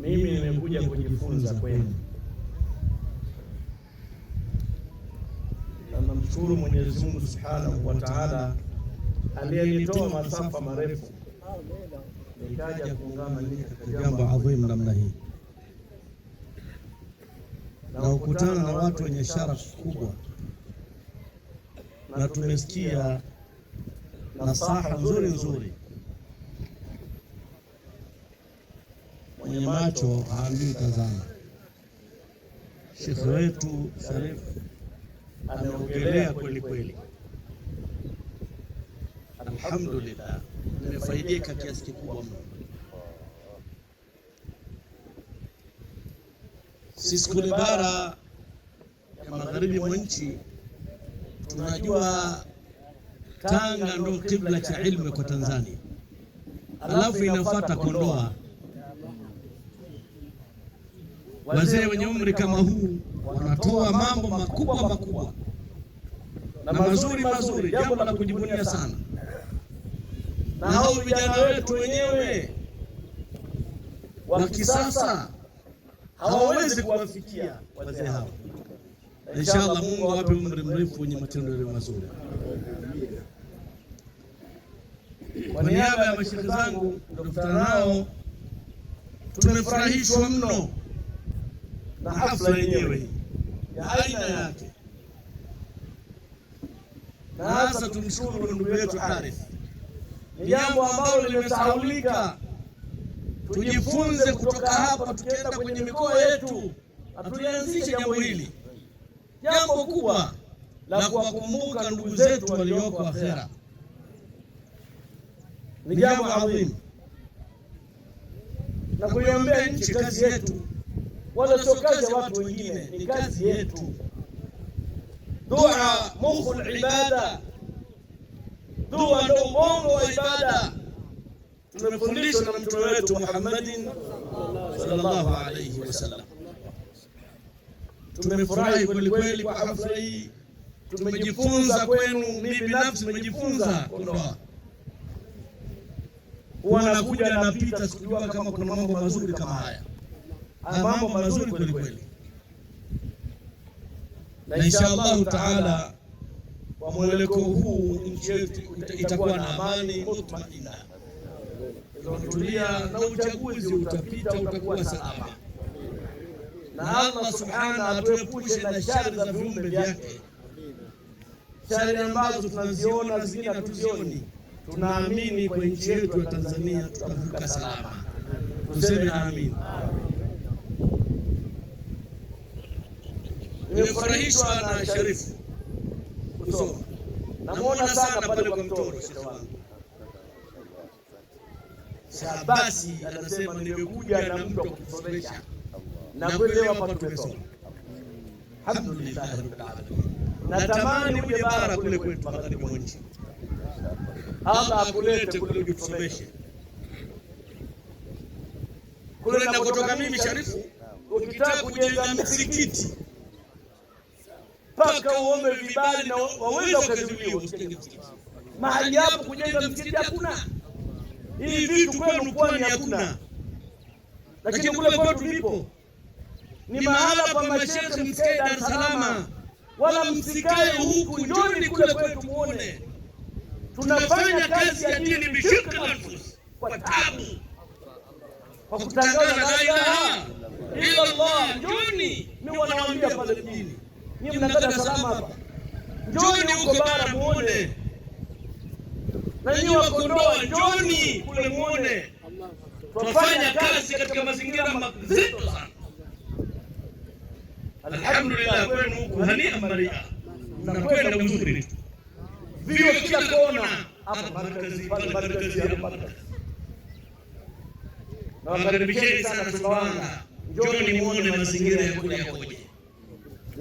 mimi nimekuja kujifunza kwenu. Namshukuru Mwenyezi Mungu Subhanahu wa Ta'ala aliyenitoa masafa marefu nikaja kuungana ninyi katika jambo adhimu namna hii na ukutana na watu wenye sharafu kubwa, na tumesikia nasaha nzuri nzuri mwenye macho haambiwi tazama. Shekhe wetu Sharif ameongelea kweli kweli, alhamdulillah, nimefaidika kiasi kikubwa mno. Sisi kule bara ya magharibi mwa nchi tunajua Tanga ndo kibla cha ilmu kwa Tanzania, alafu inafuata Kondoa wazee wenye umri kama huu wanatoa mambo makubwa makubwa na mazuri mazuri, jambo la kujivunia sana. Na hao vijana wetu wenyewe wa kisasa hawawezi kuwafikia wazee hao. Inshallah, Mungu awape umri mrefu wenye matendo yaliyo mazuri. Kwa niaba ya mashirika zangu tuliokutana nao, tumefurahishwa mno na hafla yenyewe ya aina yake, na hasa tumshukuru ndugu yetu Arif. Ni jambo ambalo limesahaulika. Tujifunze kutoka hapa, tukienda kwenye mikoa yetu na tulianzishe jambo hili, jambo kubwa la kuwakumbuka ndugu zetu walioko akhera. Ni jambo adhimu na kuiombea nchi, kazi yetu wala sio kazi ya watu wengine, ni kazi yetu. Dua mukhul ibada, dua ndo ubongo wa ibada. Tumefundishwa na mtume wetu Muhammadin sallallahu alayhi wasallam. Tumefurahi kweli kweli kwa hafla hii, tumejifunza kwenu. Mimi binafsi nimejifunza ndoa huwa nakuja napita, sikujua kama kuna mambo mazuri kama haya mambo mazuri kweli kweli, na insha Allahu taala kwa mweleko huu nchi yetu itakuwa na amani mutmaina, itatulia na uchaguzi utapita, utakuwa salama, na Allah subhana atuepushe na shari za viumbe vyake, shari ambazo tunaziona zingine hatuzioni. Tunaamini kwa nchi yetu ya Tanzania tutavuka salama, tuseme amin. nimefurahishwa na Sharifu kusoma, namuona sana pale kwa mtoro shekhi wangu Shabasi. Anasema nimekuja na mtu akusomesha na kweli hapa tumesoma, alhamdulillah rabbil alamin. Natamani uje bara kule kwetu magharibi mwa nchi, Allah akulete kule kutusomesha kule nakotoka mimi Sharifu. Ukitaka kujenga msikiti mpaka uombe vibali na waweza ukaziuliwa. Mahali hapo kujenga msikiti hakuna, hivi vitu kwenu kwani hakuna, lakini kule kwetu tulipo Ni mahala pa mashehe msikae Dar es Salaam, wala msikae huku, njoni kule kwetu muone tunafanya kazi ya dini bishukra kwa tabu, kwa kutangaza la ilaha illa Allah. Njoni, mimi wanawaambia pale mjini Nyinyi mnakata salama hapa, njoni huko bara muone, na nyinyi wa Kondoa njoni kule muone. Tunafanya kazi katika mazingira mazito sana. Alhamdulillah, kwenu huko huku hania maria, mnakwenda mzuri. vio kila kona hapa, barakazi, pale, markazi hapa. Nawakaribisheni sana Sumbawanga, njoni muone mazingira ya kule yakoje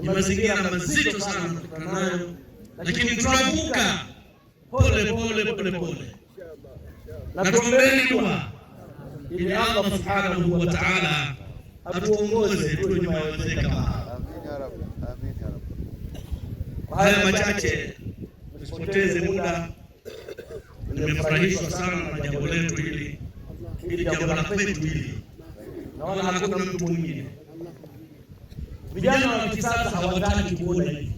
ni mazingira mazito sana kutokana lakini tunavuka pole pole pole pole, na tuombeni dua ili Allah subhanahu wa ta'ala atuongoze tu nyuma ya kama Haya machache tusipoteze muda, nimefurahishwa sana na jambo letu hili, ili jambo la kwetu hili, naona hakuna mtu mwingine Vijana wa kisasa hawataki kuona hivi,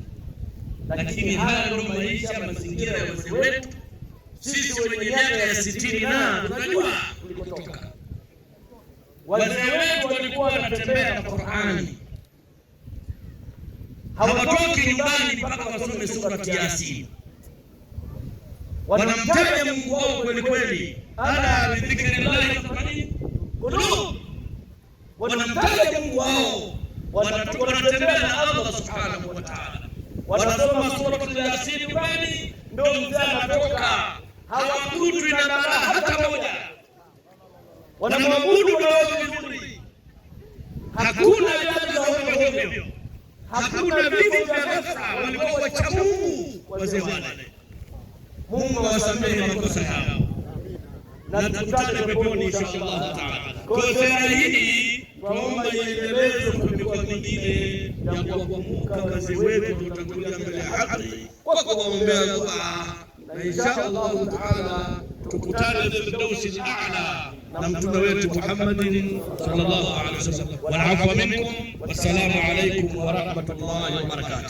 lakini haya ndio maisha, mazingira ya wazee wetu. Sisi wenye miaka ya sitini na tunajua tulikotoka. Wazee wetu walikuwa wanatembea na Qur'ani, hawatoki nyumbani mpaka wasome surati Yasin. Wanamtaja Mungu wao kweli kweli, ala bidhikrillahi wanamtaja Mungu wao wanatembea na Allah subhanahu wa ta'ala, wanasoma suratul Yasin kwani ndio mzee anatoka, hawakutwi na balaa hata moja, wanamwabudu na vizuri, hakuna vitu hivyo, hakuna vitu vya ghafla. Walikuwa wacha Mungu, wazee wale. Mungu awasamehe makosa yao na tukutane peponi insha taala. Kwa hiyo hii twaomba iendelezwe kwa mikoa mingine ya kuwakumbuka wazee wetu waliotangulia mbele ya haki kwa kuwaombea dua, na insha Allahu taala tukutane Firdausi al-Aala na mtume wetu Muhammadin sallallahu alaihi wasallam. Wal afwa minkum, wassalamu alaikum warahmatullahi wabarakatuh.